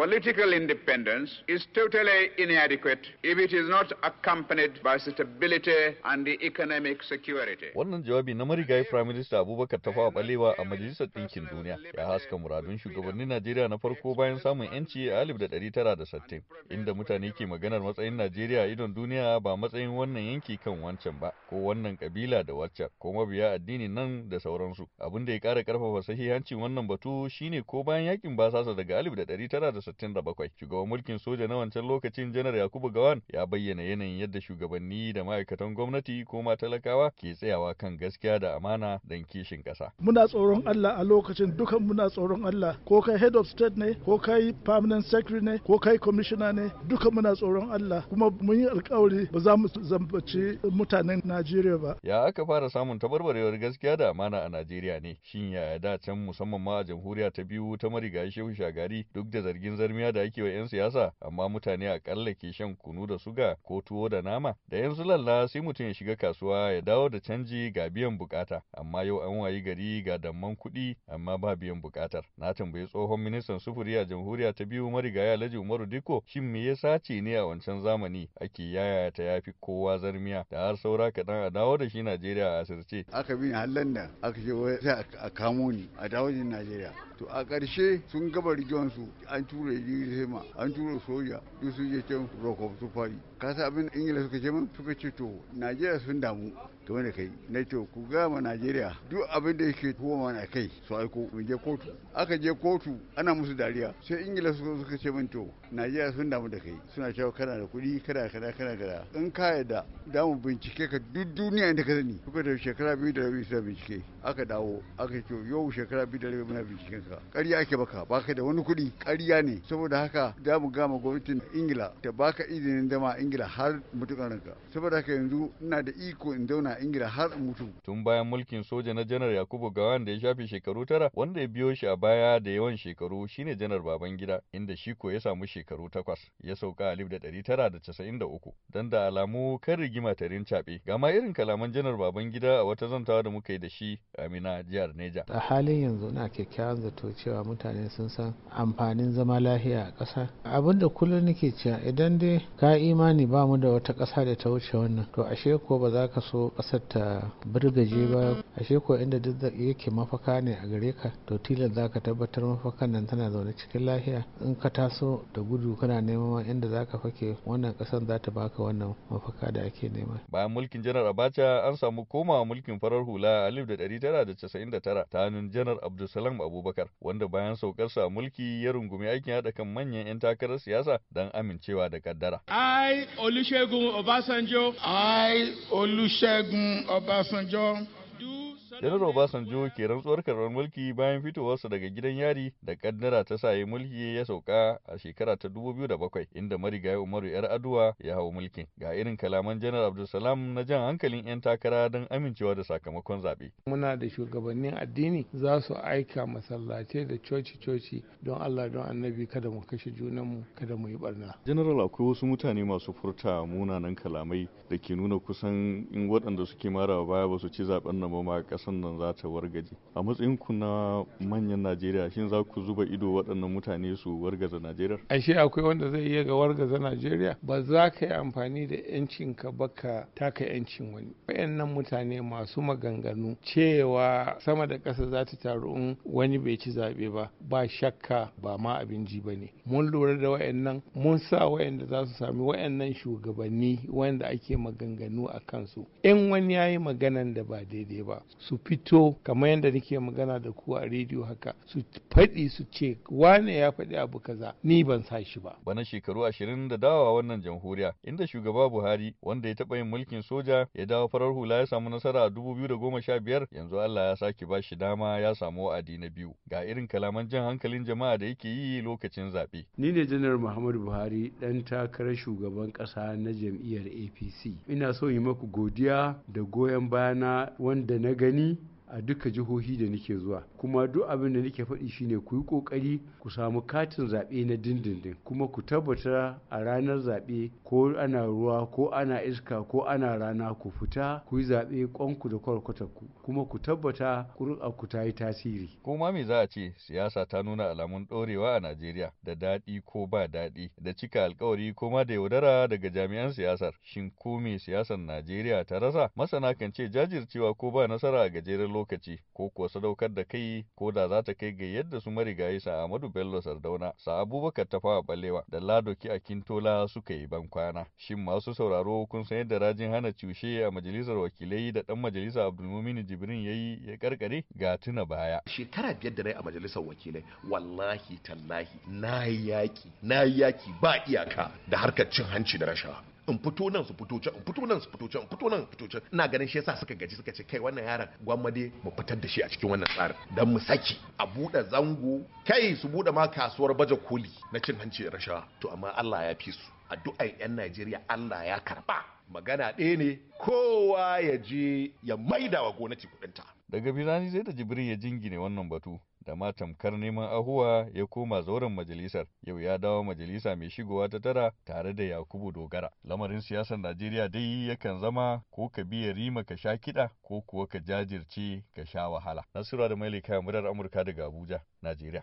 Political independence is totally inadequate if it is not accompanied by stability and the economic security. Wannan jawabi na marigayi Prime Minister Abubakar Tafawa Balewa a Majalisar Ɗinkin Duniya ya haska muradun shugabannin Najeriya na farko bayan samun yanci a 1960 inda mutane ke maganar matsayin Najeriya idon duniya ba matsayin wannan yanki kan wancan ba ko wannan kabila da waccan ko mabiya addini nan da sauransu. Abin da ya ƙara ƙarfafa sahihancin wannan batu shine ko bayan yakin basasa daga 1960 1967. Shugaban mulkin soja na wancan lokacin Janar Yakubu Gawan ya bayyana yanayin yadda shugabanni da ma'aikatan gwamnati ko ma talakawa ke tsayawa kan gaskiya da amana don kishin ƙasa. Muna tsoron Allah a lokacin dukan muna tsoron Allah ko kai head of state ne ko kai permanent secretary ne ko kai commissioner ne duka muna tsoron Allah kuma mun yi alkawari ba za mu zambaci mutanen Najeriya ba. Ya aka fara samun tabarbarewar gaskiya da amana a Najeriya ne shin ya da can musamman ma a jamhuriya ta biyu ta marigayi Shehu Shagari duk da zargin zarmiya da ake wa 'yan siyasa amma mutane akalla ke shan kunu da suga ko tuwo da nama da yan zulalla sai mutum ya shiga kasuwa ya dawo da canji ga biyan bukata amma yau an wayi gari ga damman kuɗi amma ba biyan bukatar na tambayi tsohon ministan sufuri a jamhuriya ta biyu marigaya alhaji umaru diko shin me ya sace ne a wancan zamani ake yaya ta yafi kowa zarmiya da har saura kaɗan a dawo da shi najeriya a asirce aka bi har da aka ce a kamo ni a dawo da najeriya to a karshe sun gaba rigiwansu an tu tura jirgin sama an tura soja duk sun je can rock of sufari ka san abin ingila suka ce min suka ce to najeriya sun damu kamar da kai na ce ku gama najeriya duk abin da yake kuma na kai su aiko mun je kotu aka je kotu ana musu dariya sai ingila suka ce min to najeriya sun damu da kai suna cewa kana da kuɗi kana kana kana kana in ka yadda da mu bincike ka duk duniya inda ka sani kuka da shekara biyu da rabi suna bincike aka dawo aka ce yau shekara biyu da rabi muna binciken ka ƙarya ake baka baka da wani kuɗi ƙarya ne saboda haka da gama gwamnatin ingila ta baka izinin zama ingila har mutukan ranka saboda haka yanzu ina da iko in zauna ingila har mutu tun bayan mulkin soja na janar yakubu gawan da ya shafe shekaru tara wanda ya biyo shi a baya da yawan shekaru shine janar babangida inda shi ko ya samu shekaru takwas ya sauka alif da ɗari tara da casa'in da uku don da alamu kan rigima tarin cabe ga irin kalaman janar babangida a wata zantawa da muka yi da shi amina jihar neja a halin yanzu na kyakkyawan zato cewa mutane sun san amfanin zama lahiya a ƙasa abin da kullum nake cewa idan dai ka imani ba mu da wata ƙasa da ta wuce wannan to ashe ko ba za ka so ƙasa ƙasar ta birgaje ba ashe ko inda duk yake mafaka ne a gare ka to tilas za ka tabbatar mafakan nan tana zaune cikin lahiya in ka taso da gudu kana neman inda za ka fake wannan ƙasar za ta baka wannan mafaka da ake nema. bayan mulkin janar abacha an samu komawa mulkin farar hula a 1999 ta hannun janar abdulsalam abubakar wanda bayan saukar sa mulki ya rungumi aikin haɗa kan manyan 'yan takarar siyasa don amincewa da kaddara. ai olusegun obasanjo ai olusegun Olusegun Obasanjo. Janar Obasanjo ke rantsuwar karɓar mulki bayan fitowarsa daga gidan yari da kaddara ta sa mulki ya sauka a shekara ta 2007 inda marigayi Umaru yar aduwa ya hau mulkin. Ga irin kalaman Janar Abdulsalam na jan hankalin 'yan takara don amincewa da sakamakon zaɓe. Muna da shugabannin addini za su aika masallatai da coci-coci don Allah don annabi kada mu kashe junanmu kada mu yi barna. General akwai wasu mutane masu furta munanan kalamai da ke nuna kusan in waɗanda suke mara baya ba su ci zaɓen nan ba ma ƙasar za ta wargaje a matsayin ku na manyan najeriya shin za ku zuba ido waɗannan mutane su wargaza najeriya ashe akwai wanda zai iya ga wargaza najeriya ba za ka yi amfani da yancin ka ba ka taka yancin wani wayannan mutane masu maganganu cewa sama da ƙasa za ta taru in wani bai ci zaɓe ba ba shakka ba ma abin ji ba ne mun lura da wayannan mun sa wayanda za su sami wayannan shugabanni wanda ake maganganu a kansu in wani ya yi maganan da ba daidai ba su fito kamar yadda nake magana da ku a rediyo haka su faɗi su ce wane ya faɗi abu kaza ni ban sa shi ba. Bana shekaru ashirin da dawa wannan jamhuriya inda shugaba Buhari wanda ya taɓa yin mulkin soja ya dawo farar hula ya samu nasara a dubu biyu da goma sha biyar yanzu Allah ya sake ba shi dama ya samu wa'adi na biyu ga irin kalaman jan hankalin jama'a da yake yi lokacin zaɓe. Ni ne janar Muhammadu Buhari dan takarar shugaban ƙasa na jam'iyyar APC. Ina so yi maku godiya da goyon bayana wanda na gani Italy a duka jihohi da nake zuwa kuma duk abin da nake faɗi shine ku yi ƙoƙari ku samu katin zaɓe na dindindin kuma ku tabbata a ranar zaɓe ko ana ruwa ko ana iska ko ana rana ku fita ku yi zaɓe ƙwanku da kwarkwatarku kuma ku tabbata ku ta yi tasiri. ma me za a ce siyasa ta nuna alamun ɗorewa a Najeriya da daɗi ko ba daɗi da cika alkawari ko ma da yaudara daga jami'an siyasar. Shin ko me siyasar Najeriya ta rasa? Masana kan ce jajircewa ko ba nasara a gajeren lokaci. lokaci ko kuwa sadaukar da kai ko da za ta kai ga yadda su marigayi sa Ahmadu Bello Sardauna sa Abubakar Tafawa Balewa da Ladoki Akintola suka yi ban kwana shin masu sauraro kun san yadda rajin hana cushe a majalisar wakilai da dan majalisa Abdulmumin Jibrin yayi ya karkare ga tuna baya shekara biyar da rai a majalisar wakilai wallahi tallahi na yaki na yaki ba iyaka da harkar cin hanci da rashawa in fito nan su fito can in fito nan su fito can in fito nan fito can ina ganin shi yasa suka gaji suka ce kai wannan yaron gwamnati mu fitar da shi a cikin wannan tsarin dan mu saki a buɗe zango kai su buɗe ma kasuwar baje koli na cin hanci rashawa to amma Allah ya fi su 'yan Najeriya Allah ya karba magana ɗaya ne kowa ya je ya maida wa gwamnati ta Daga birani sai da jibrin ya jingine wannan batu da tamkar neman ahuwa ya koma zauren majalisar yau ya dawo majalisa mai shigowa ta tara tare da yakubu dogara lamarin siyasar najeriya dai yakan zama ko ka biya rima ka sha kiɗa ko kuwa ka jajirce ka sha wahala nasura da mailika murar amurka daga abuja najeriya